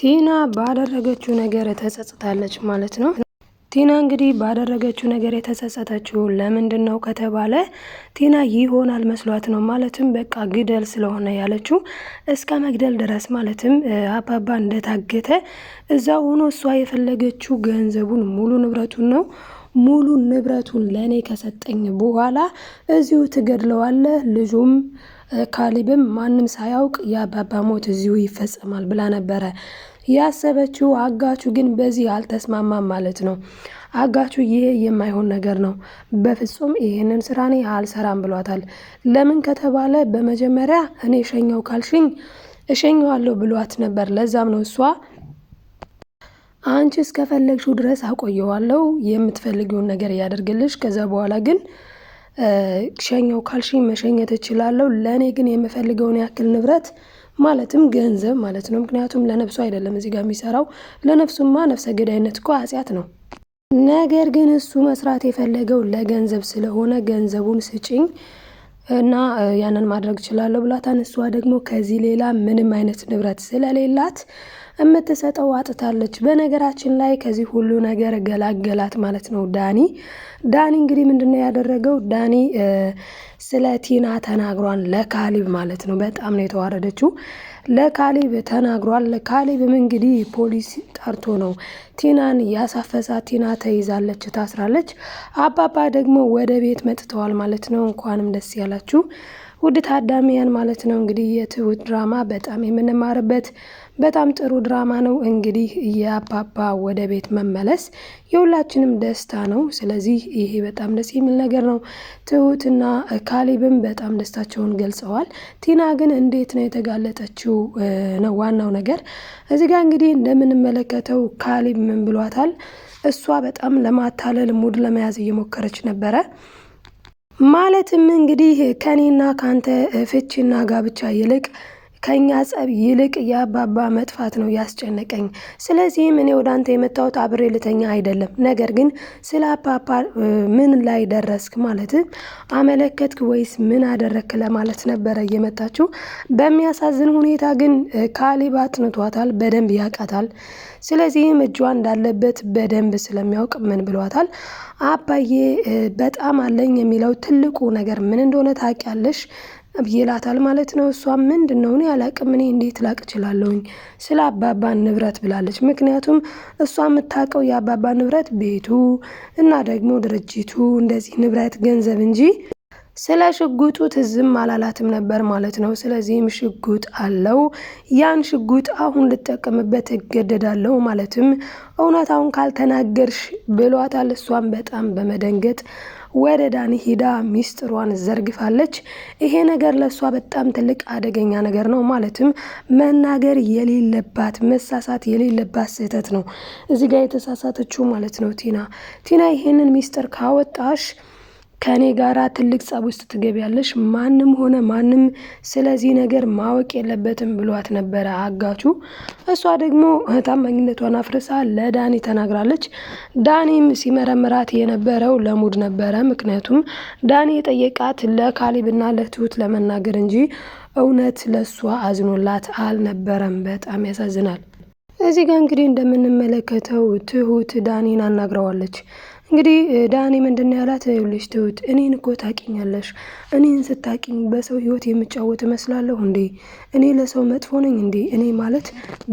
ቲና ባደረገችው ነገር ተጸጽታለች ማለት ነው። ቲና እንግዲህ ባደረገችው ነገር የተጸጸተችው ለምንድን ነው ከተባለ ቲና ይሆናል መስሏት ነው። ማለትም በቃ ግደል ስለሆነ ያለችው እስከ መግደል ድረስ ማለትም አባባ እንደታገተ እዛ ሆኖ እሷ የፈለገችው ገንዘቡን ሙሉ ንብረቱን ነው ሙሉ ንብረቱን ለእኔ ከሰጠኝ በኋላ እዚሁ ትገድለዋለህ፣ ልጁም ካሊብም ማንም ሳያውቅ የአባባ ሞት እዚሁ ይፈጸማል ብላ ነበረ ያሰበችው። አጋቹ ግን በዚህ አልተስማማም ማለት ነው። አጋቹ ይሄ የማይሆን ነገር ነው፣ በፍጹም ይህንን ስራ እኔ አልሰራም ብሏታል። ለምን ከተባለ በመጀመሪያ እኔ ሸኘው ካልሽኝ እሸኘዋለሁ ብሏት ነበር። ለዛም ነው እሷ አንቺ እስከፈለግሽው ድረስ አቆየዋለሁ፣ የምትፈልጊውን ነገር ያደርግልሽ። ከዛ በኋላ ግን ሸኘው ካልሽኝ መሸኘት እችላለሁ። ለእኔ ግን የምፈልገውን ያክል ንብረት ማለትም ገንዘብ ማለት ነው። ምክንያቱም ለነፍሱ አይደለም እዚህ ጋር የሚሰራው። ለነፍሱማ ነፍሰ ገዳይነት እኮ አጽያት ነው። ነገር ግን እሱ መስራት የፈለገው ለገንዘብ ስለሆነ ገንዘቡን ስጭኝ እና ያንን ማድረግ እችላለሁ ብላታን። እሷ ደግሞ ከዚህ ሌላ ምንም አይነት ንብረት ስለሌላት የምትሰጠው አጥታለች። በነገራችን ላይ ከዚህ ሁሉ ነገር ገላገላት ማለት ነው ዳኒ። ዳኒ እንግዲህ ምንድነው ያደረገው ዳኒ ስለ ቲና ተናግሯን ለካሊብ ማለት ነው። በጣም ነው የተዋረደችው። ለካሊብ ተናግሯል። ለካሊብም እንግዲህ ፖሊስ ጠርቶ ነው ቲናን እያሳፈሳ ቲና ተይዛለች፣ ታስራለች። አባባ ደግሞ ወደ ቤት መጥተዋል ማለት ነው። እንኳንም ደስ ያላችሁ። ውድ ታዳሚያን ማለት ነው እንግዲህ የትሁት ድራማ በጣም የምንማርበት በጣም ጥሩ ድራማ ነው። እንግዲህ የአባባ ወደ ቤት መመለስ የሁላችንም ደስታ ነው። ስለዚህ ይሄ በጣም ደስ የሚል ነገር ነው። ትሁትና ካሊብም በጣም ደስታቸውን ገልጸዋል። ቲና ግን እንዴት ነው የተጋለጠችው ነው ዋናው ነገር። እዚህ ጋር እንግዲህ እንደምንመለከተው ካሊብ ምን ብሏታል? እሷ በጣም ለማታለል ሙድ ለመያዝ እየሞከረች ነበረ ማለትም እንግዲህ ከኔና ከአንተ ፍቺና ጋብቻ ይልቅ ከእኛ ጸብ ይልቅ የአባባ መጥፋት ነው ያስጨነቀኝ። ስለዚህም እኔ ወደ አንተ የመጣሁት አብሬ ልተኛ አይደለም። ነገር ግን ስለ አባባ ምን ላይ ደረስክ ማለት አመለከትክ ወይስ ምን አደረክ ለማለት ነበረ እየመጣችው። በሚያሳዝን ሁኔታ ግን ካሊባ አጥንቷታል፣ በደንብ ያውቃታል። ስለዚህም እጇ እንዳለበት በደንብ ስለሚያውቅ ምን ብሏታል፣ አባዬ በጣም አለኝ የሚለው ትልቁ ነገር ምን እንደሆነ ታውቂያለሽ ይላታል ማለት ነው። እሷ ምንድን ነው እኔ አላቅም፣ እኔ እንዴት ላቅ እችላለሁኝ ስለ አባባን ንብረት ብላለች። ምክንያቱም እሷ የምታውቀው የአባባ ንብረት ቤቱ እና ደግሞ ድርጅቱ እንደዚህ ንብረት ገንዘብ እንጂ ስለ ሽጉጡ ትዝም አላላትም ነበር ማለት ነው። ስለዚህም ሽጉጥ አለው። ያን ሽጉጥ አሁን ልጠቀምበት እገደዳለሁ ማለትም እውነታውን ካልተናገርሽ ብሏታል። እሷን በጣም በመደንገጥ ወደ ዳኒ ሂዳ ሚስጥሯን ዘርግፋለች። ይሄ ነገር ለእሷ በጣም ትልቅ አደገኛ ነገር ነው። ማለትም መናገር የሌለባት መሳሳት የሌለባት ስህተት ነው እዚህ ጋር የተሳሳተችው ማለት ነው ቲና ቲና ይሄንን ሚስጥር ካወጣሽ ከእኔ ጋር ትልቅ ጸብ ውስጥ ትገቢያለሽ፣ ማንም ሆነ ማንም ስለዚህ ነገር ማወቅ የለበትም ብሏት ነበረ አጋቹ። እሷ ደግሞ ታማኝነቷን አፍርሳ ለዳኒ ተናግራለች። ዳኒም ሲመረምራት የነበረው ለሙድ ነበረ። ምክንያቱም ዳኒ የጠየቃት ለካሊብና ለትሁት ለመናገር እንጂ እውነት ለእሷ አዝኖላት አልነበረም። በጣም ያሳዝናል። እዚህ ጋር እንግዲህ እንደምንመለከተው ትሁት ዳኒን አናግረዋለች። እንግዲህ ዳኒ ምንድን ነው ያላት? ይኸውልሽ ትሁት እኔን እኮ ታቂኛለሽ። እኔን ስታቂኝ በሰው ህይወት የምጫወት እመስላለሁ እንዴ? እኔ ለሰው መጥፎ ነኝ እንዴ? እኔ ማለት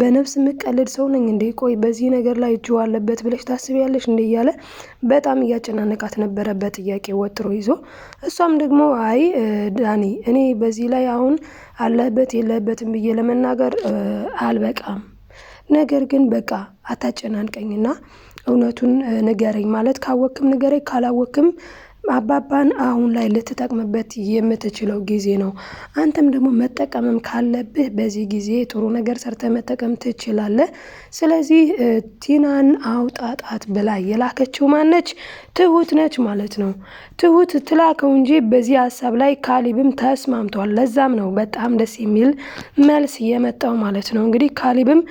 በነፍስ የምቀልድ ሰው ነኝ እንዴ? ቆይ በዚህ ነገር ላይ እጅ አለበት ብለሽ ታስቢያለሽ እንዴ? እያለ በጣም እያጨናነቃት ነበረ በጥያቄ ወጥሮ ይዞ። እሷም ደግሞ አይ ዳኒ እኔ በዚህ ላይ አሁን አለበት የለበትም ብዬ ለመናገር አልበቃም፣ ነገር ግን በቃ አታጨናንቀኝና እውነቱን ንገረኝ ማለት ካወክም ንገረኝ፣ ካላወክም አባባን አሁን ላይ ልትጠቅምበት የምትችለው ጊዜ ነው። አንተም ደግሞ መጠቀምም ካለብህ በዚህ ጊዜ ጥሩ ነገር ሰርተ መጠቀም ትችላለህ። ስለዚህ ቲናን አውጣጣት ብላ የላከችው ማነች? ትሁት ነች ማለት ነው። ትሁት ትላከው እንጂ በዚህ ሀሳብ ላይ ካሊብም ተስማምቷል። ለዛም ነው በጣም ደስ የሚል መልስ የመጣው ማለት ነው። እንግዲህ ካሊብም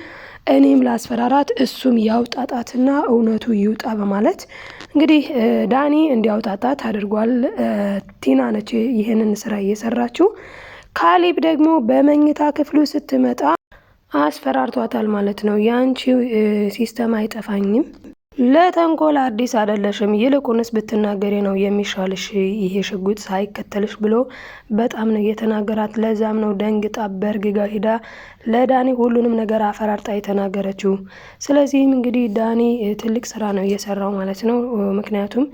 እኔም ላስፈራራት እሱም ያውጣጣትና እውነቱ ይውጣ በማለት እንግዲህ ዳኒ እንዲያውጣጣት አድርጓል። ቲና ነች ይህንን ስራ እየሰራችው። ካሊብ ደግሞ በመኝታ ክፍሉ ስትመጣ አስፈራርቷታል ማለት ነው። የአንቺ ሲስተም አይጠፋኝም ለተንኮል አዲስ አይደለሽም፣ ይልቁንስ ብትናገሬ ነው የሚሻልሽ፣ ይሄ ሽጉጥ ሳይከተልሽ ብሎ በጣም ነው የተናገራት። ለዛም ነው ደንግጣ በርግጋ ሂዳ ለዳኒ ሁሉንም ነገር አፈራርጣ የተናገረችው። ስለዚህም እንግዲህ ዳኒ ትልቅ ስራ ነው እየሰራው ማለት ነው። ምክንያቱም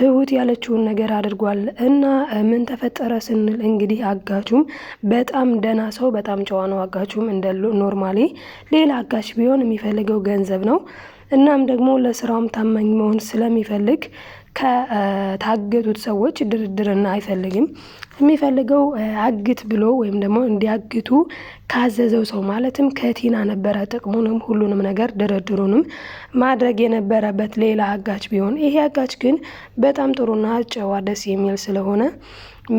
ትሁት ያለችውን ነገር አድርጓል እና ምን ተፈጠረ ስንል እንግዲህ አጋቹም በጣም ደህና ሰው፣ በጣም ጨዋ ነው አጋቹም። እንደ ኖርማሌ ሌላ አጋች ቢሆን የሚፈልገው ገንዘብ ነው እናም ደግሞ ለስራውም ታማኝ መሆን ስለሚፈልግ ከታገቱት ሰዎች ድርድርና አይፈልግም። የሚፈልገው አግት ብሎ ወይም ደግሞ እንዲያግቱ ካዘዘው ሰው ማለትም ከቲና ነበረ ጥቅሙንም ሁሉንም ነገር ድርድሩንም ማድረግ የነበረበት ሌላ አጋች ቢሆን፣ ይሄ አጋች ግን በጣም ጥሩና ጨዋ ደስ የሚል ስለሆነ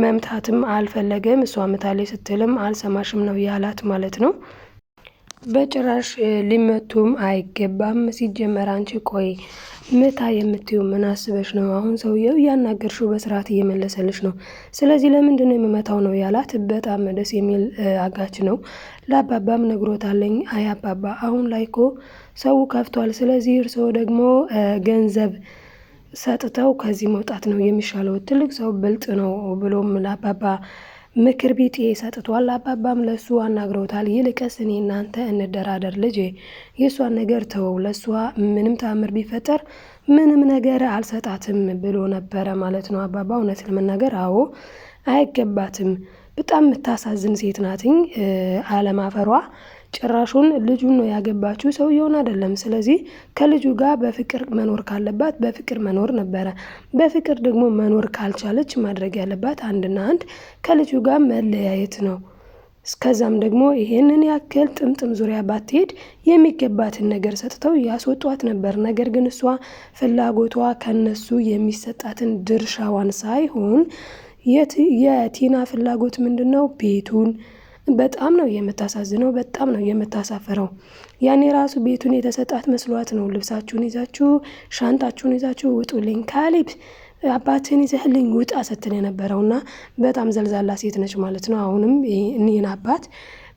መምታትም አልፈለገም። እሷ ምታሌ ስትልም አልሰማሽም ነው ያላት ማለት ነው። በጭራሽ ሊመቱም አይገባም። ሲጀመር አንቺ ቆይ ምታ የምትዩ ምን አስበሽ ነው? አሁን ሰውየው እያናገርሽው በስርዓት እየመለሰልሽ ነው። ስለዚህ ለምንድን ነው የምመታው ነው ያላት። በጣም ደስ የሚል አጋች ነው። ለአባባም ነግሮታለኝ። አይ አባባ አሁን ላይ ኮ ሰው ከፍቷል። ስለዚህ እርስዎ ደግሞ ገንዘብ ሰጥተው ከዚህ መውጣት ነው የሚሻለው። ትልቅ ሰው ብልጥ ነው ብሎም ለአባባ ምክር ቤት ሰጥቷል። አባባም ለእሱ አናግረውታል። ይልቅስ እኔ እናንተ እንደራደር ልጄ፣ የእሷን ነገር ተወው፣ ለእሷ ምንም ታምር ቢፈጠር ምንም ነገር አልሰጣትም ብሎ ነበረ ማለት ነው። አባባ እውነት ለመናገር አዎ አይገባትም፣ በጣም የምታሳዝን ሴት ናትኝ አለማፈሯ ጭራሹን ልጁን ነው ያገባችው፣ ሰውየውን አይደለም። ስለዚህ ከልጁ ጋር በፍቅር መኖር ካለባት በፍቅር መኖር ነበረ። በፍቅር ደግሞ መኖር ካልቻለች ማድረግ ያለባት አንድና አንድ ከልጁ ጋር መለያየት ነው። እስከዛም ደግሞ ይሄንን ያክል ጥምጥም ዙሪያ ባትሄድ የሚገባትን ነገር ሰጥተው ያስወጧት ነበር። ነገር ግን እሷ ፍላጎቷ ከነሱ የሚሰጣትን ድርሻዋን ሳይሆን የቲና ፍላጎት ምንድን ነው ቤቱን በጣም ነው የምታሳዝነው። በጣም ነው የምታሳፈረው። ያኔ ራሱ ቤቱን የተሰጣት መስሏት ነው። ልብሳችሁን ይዛችሁ ሻንጣችሁን ይዛችሁ ውጡልኝ፣ ካሌብ አባትን ይዘህልኝ ውጣ ስትል የነበረውና በጣም ዘልዛላ ሴት ነች ማለት ነው። አሁንም እኒህን አባት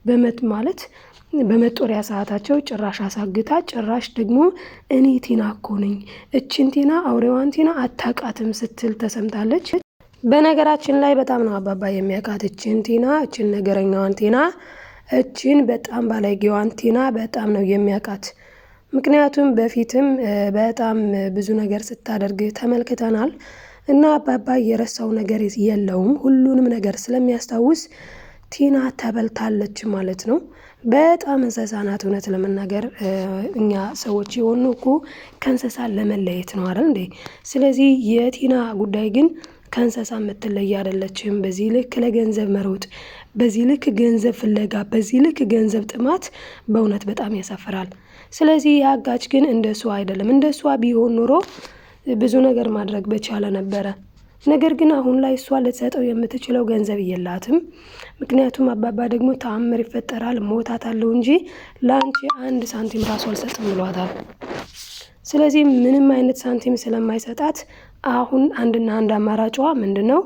በመት ማለት በመጦሪያ ሰዓታቸው ጭራሽ አሳግታ ጭራሽ ደግሞ እኔ ቲና እኮ ነኝ እችን ቲና አውሬዋን ቲና አታቃትም ስትል ተሰምታለች። በነገራችን ላይ በጣም ነው አባባ የሚያውቃት እችን ቲና፣ እችን ነገረኛዋን ቲና፣ እችን በጣም ባለጌዋን ቲና በጣም ነው የሚያውቃት። ምክንያቱም በፊትም በጣም ብዙ ነገር ስታደርግ ተመልክተናል እና አባባ የረሳው ነገር የለውም። ሁሉንም ነገር ስለሚያስታውስ ቲና ተበልታለች ማለት ነው። በጣም እንስሳ ናት። እውነት ለመናገር እኛ ሰዎች የሆኑ እኮ ከእንስሳ ለመለየት ነው አይደል እንዴ? ስለዚህ የቲና ጉዳይ ግን ከእንስሳ የምትለይ አይደለችም። በዚህ ልክ ለገንዘብ መሮጥ፣ በዚህ ልክ ገንዘብ ፍለጋ፣ በዚህ ልክ ገንዘብ ጥማት በእውነት በጣም ያሳፍራል። ስለዚህ የአጋች ግን እንደሷ አይደለም። እንደሷ ቢሆን ኑሮ ብዙ ነገር ማድረግ በቻለ ነበረ። ነገር ግን አሁን ላይ እሷ ልትሰጠው የምትችለው ገንዘብ የላትም። ምክንያቱም አባባ ደግሞ ተአምር ይፈጠራል ሞታታለሁ እንጂ ለአንቺ አንድ ሳንቲም ራሱ አልሰጥም ብሏታል። ስለዚህ ምንም አይነት ሳንቲም ስለማይሰጣት አሁን አንድና አንድ አማራጯ ምንድን ነው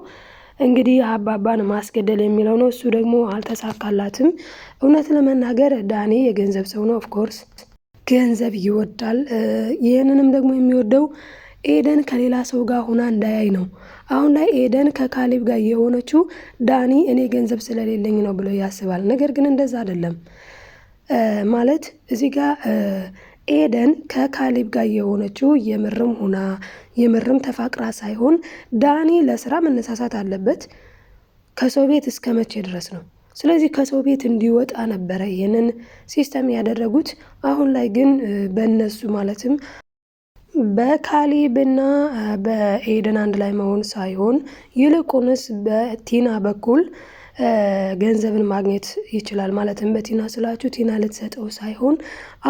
እንግዲህ አባባን ማስገደል የሚለው ነው። እሱ ደግሞ አልተሳካላትም። እውነት ለመናገር ዳኔ የገንዘብ ሰው ነው። ኦፍኮርስ ገንዘብ ይወዳል። ይህንንም ደግሞ የሚወደው ኤደን ከሌላ ሰው ጋር ሆና እንዳያይ ነው። አሁን ላይ ኤደን ከካሌብ ጋር የሆነችው ዳኒ እኔ ገንዘብ ስለሌለኝ ነው ብሎ ያስባል። ነገር ግን እንደዛ አይደለም ማለት እዚህ ጋር ኤደን ከካሌብ ጋር የሆነችው የምርም ሁና የምርም ተፋቅራ ሳይሆን ዳኒ ለስራ መነሳሳት አለበት። ከሰው ቤት እስከ መቼ ድረስ ነው? ስለዚህ ከሰው ቤት እንዲወጣ ነበረ ይህንን ሲስተም ያደረጉት። አሁን ላይ ግን በእነሱ ማለትም በካሌብና በኤደን አንድ ላይ መሆን ሳይሆን ይልቁንስ በቲና በኩል ገንዘብን ማግኘት ይችላል። ማለትም በቲና ስላችሁ ቲና ልትሰጠው ሳይሆን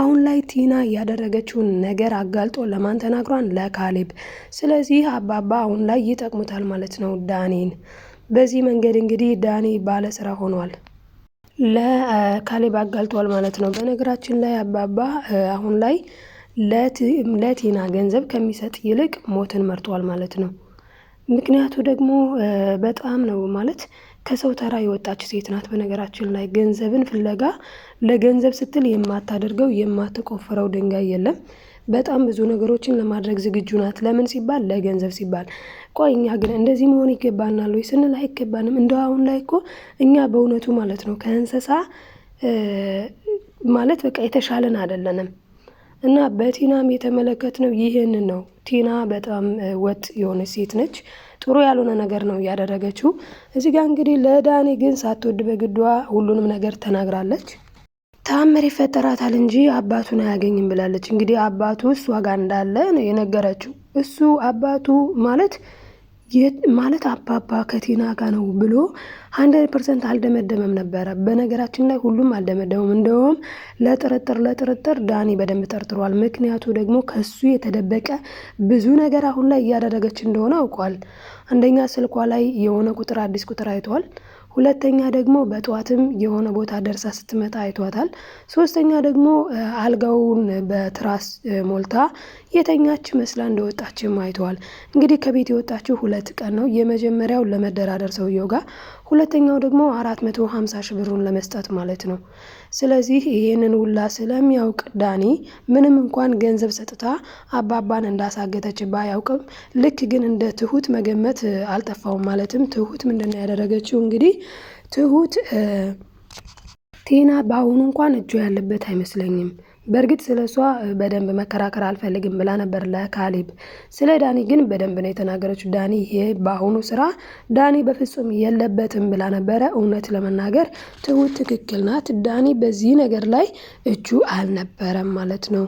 አሁን ላይ ቲና ያደረገችውን ነገር አጋልጦ ለማን ተናግሯን? ለካሌብ። ስለዚህ አባባ አሁን ላይ ይጠቅሙታል ማለት ነው ዳኒን። በዚህ መንገድ እንግዲህ ዳኒ ባለስራ ሆኗል። ለካሌብ አጋልጧል ማለት ነው። በነገራችን ላይ አባባ አሁን ላይ ለቲና ገንዘብ ከሚሰጥ ይልቅ ሞትን መርጧል ማለት ነው። ምክንያቱ ደግሞ በጣም ነው ማለት ከሰው ተራ የወጣች ሴት ናት። በነገራችን ላይ ገንዘብን ፍለጋ ለገንዘብ ስትል የማታደርገው የማትቆፍረው ድንጋይ የለም። በጣም ብዙ ነገሮችን ለማድረግ ዝግጁ ናት። ለምን ሲባል ለገንዘብ ሲባል። ቆይ እኛ ግን እንደዚህ መሆን ይገባናል ወይ ስንል አይገባንም። እንደ አሁን ላይ እኮ እኛ በእውነቱ ማለት ነው ከእንስሳ ማለት በቃ የተሻለን አይደለንም። እና በቲናም የተመለከትነው ይህንን ነው። ቲና በጣም ወጥ የሆነች ሴት ነች። ጥሩ ያልሆነ ነገር ነው እያደረገችው። እዚህ ጋር እንግዲህ ለዳኔ ግን ሳትወድ በግዷ ሁሉንም ነገር ተናግራለች። ታምር ይፈጠራታል እንጂ አባቱን አያገኝም ብላለች። እንግዲህ አባቱ እሷ ጋር እንዳለ ነው የነገረችው። እሱ አባቱ ማለት ማለት አባባ ከቲና ጋ ነው ብሎ ሀንድሬድ ፐርሰንት አልደመደመም ነበረ። በነገራችን ላይ ሁሉም አልደመደመም። እንደውም ለጥርጥር ለጥርጥር ዳኒ በደንብ ጠርጥሯል። ምክንያቱ ደግሞ ከሱ የተደበቀ ብዙ ነገር አሁን ላይ እያደረገች እንደሆነ አውቋል። አንደኛ ስልኳ ላይ የሆነ ቁጥር አዲስ ቁጥር አይቷል። ሁለተኛ ደግሞ በጠዋትም የሆነ ቦታ ደርሳ ስትመጣ አይቷታል። ሶስተኛ ደግሞ አልጋውን በትራስ ሞልታ የተኛች መስላ እንደወጣችም አይተዋል። እንግዲህ ከቤት የወጣችው ሁለት ቀን ነው። የመጀመሪያው ለመደራደር ሰውየው ጋር፣ ሁለተኛው ደግሞ አራት መቶ ሀምሳ ሺ ብሩን ለመስጠት ማለት ነው። ስለዚህ ይህንን ውላ ስለሚያውቅ ዳኒ ምንም እንኳን ገንዘብ ሰጥታ አባባን እንዳሳገተች ባያውቅም ልክ ግን እንደ ትሁት መገመት አልጠፋውም። ማለትም ትሁት ምንድን ነው ያደረገችው እንግዲህ ትሁት ቴና በአሁኑ እንኳን እጇ ያለበት አይመስለኝም። በእርግጥ ስለ እሷ በደንብ መከራከር አልፈልግም ብላ ነበር ለካሌብ። ስለ ዳኒ ግን በደንብ ነው የተናገረችው። ዳኒ ይሄ በአሁኑ ስራ ዳኒ በፍጹም የለበትም ብላ ነበረ። እውነት ለመናገር ትሁት ትክክል ናት። ዳኒ በዚህ ነገር ላይ እጁ አልነበረም ማለት ነው።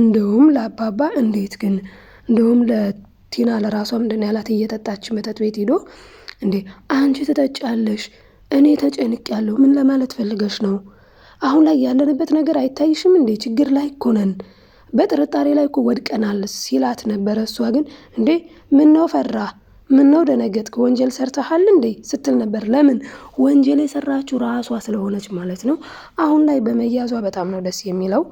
እንደውም ለአባባ እንዴት ግን እንደውም ለቲና ለራሷ ምንድን ያላት እየጠጣች መጠጥ ቤት ሂዶ እንዴ አንቺ ትጠጫለሽ፣ እኔ ተጨንቅ ያለው ምን ለማለት ፈልገሽ ነው? አሁን ላይ ያለንበት ነገር አይታይሽም እንዴ? ችግር ላይ እኮ ነን፣ በጥርጣሬ ላይ እኮ ወድቀናል ሲላት ነበረ። እሷ ግን እንዴ ምነው ፈራ ምነው ደነገጥክ? ወንጀል ሰርተሃል እንዴ ስትል ነበር። ለምን ወንጀል የሰራችው ራሷ ስለሆነች ማለት ነው። አሁን ላይ በመያዟ በጣም ነው ደስ የሚለው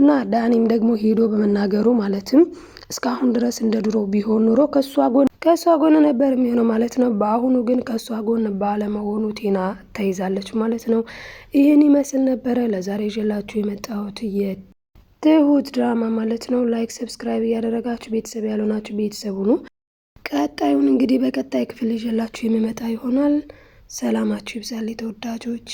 እና ዳኒም ደግሞ ሄዶ በመናገሩ ማለትም እስካሁን ድረስ እንደ ድሮ ቢሆን ኑሮ ከእሷ ጎን ከእሷ ጎን ነበር የሚሆነው ማለት ነው። በአሁኑ ግን ከእሷ ጎን ባለመሆኑ ቴና ተይዛለች ማለት ነው። ይህን ይመስል ነበረ ለዛሬ ይዤላችሁ የመጣሁት የትሁት ድራማ ማለት ነው። ላይክ ሰብስክራይብ እያደረጋችሁ ቤተሰብ ያልሆናችሁ ቤተሰብ ሁኑ። ቀጣዩን እንግዲህ በቀጣይ ክፍል ይዤላችሁ የሚመጣ ይሆናል። ሰላማችሁ ይብዛል ተወዳጆች።